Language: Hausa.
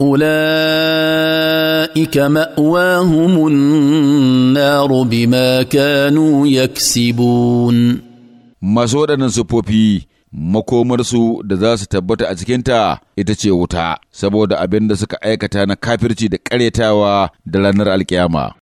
اولئك ماواهم النار بما كانوا يكسبون masu waɗannan sifofi, makomarsu da za su tabbata a cikinta ita ce wuta saboda abin da suka aikata na kafirci da ƙaretawa da ranar alkiyama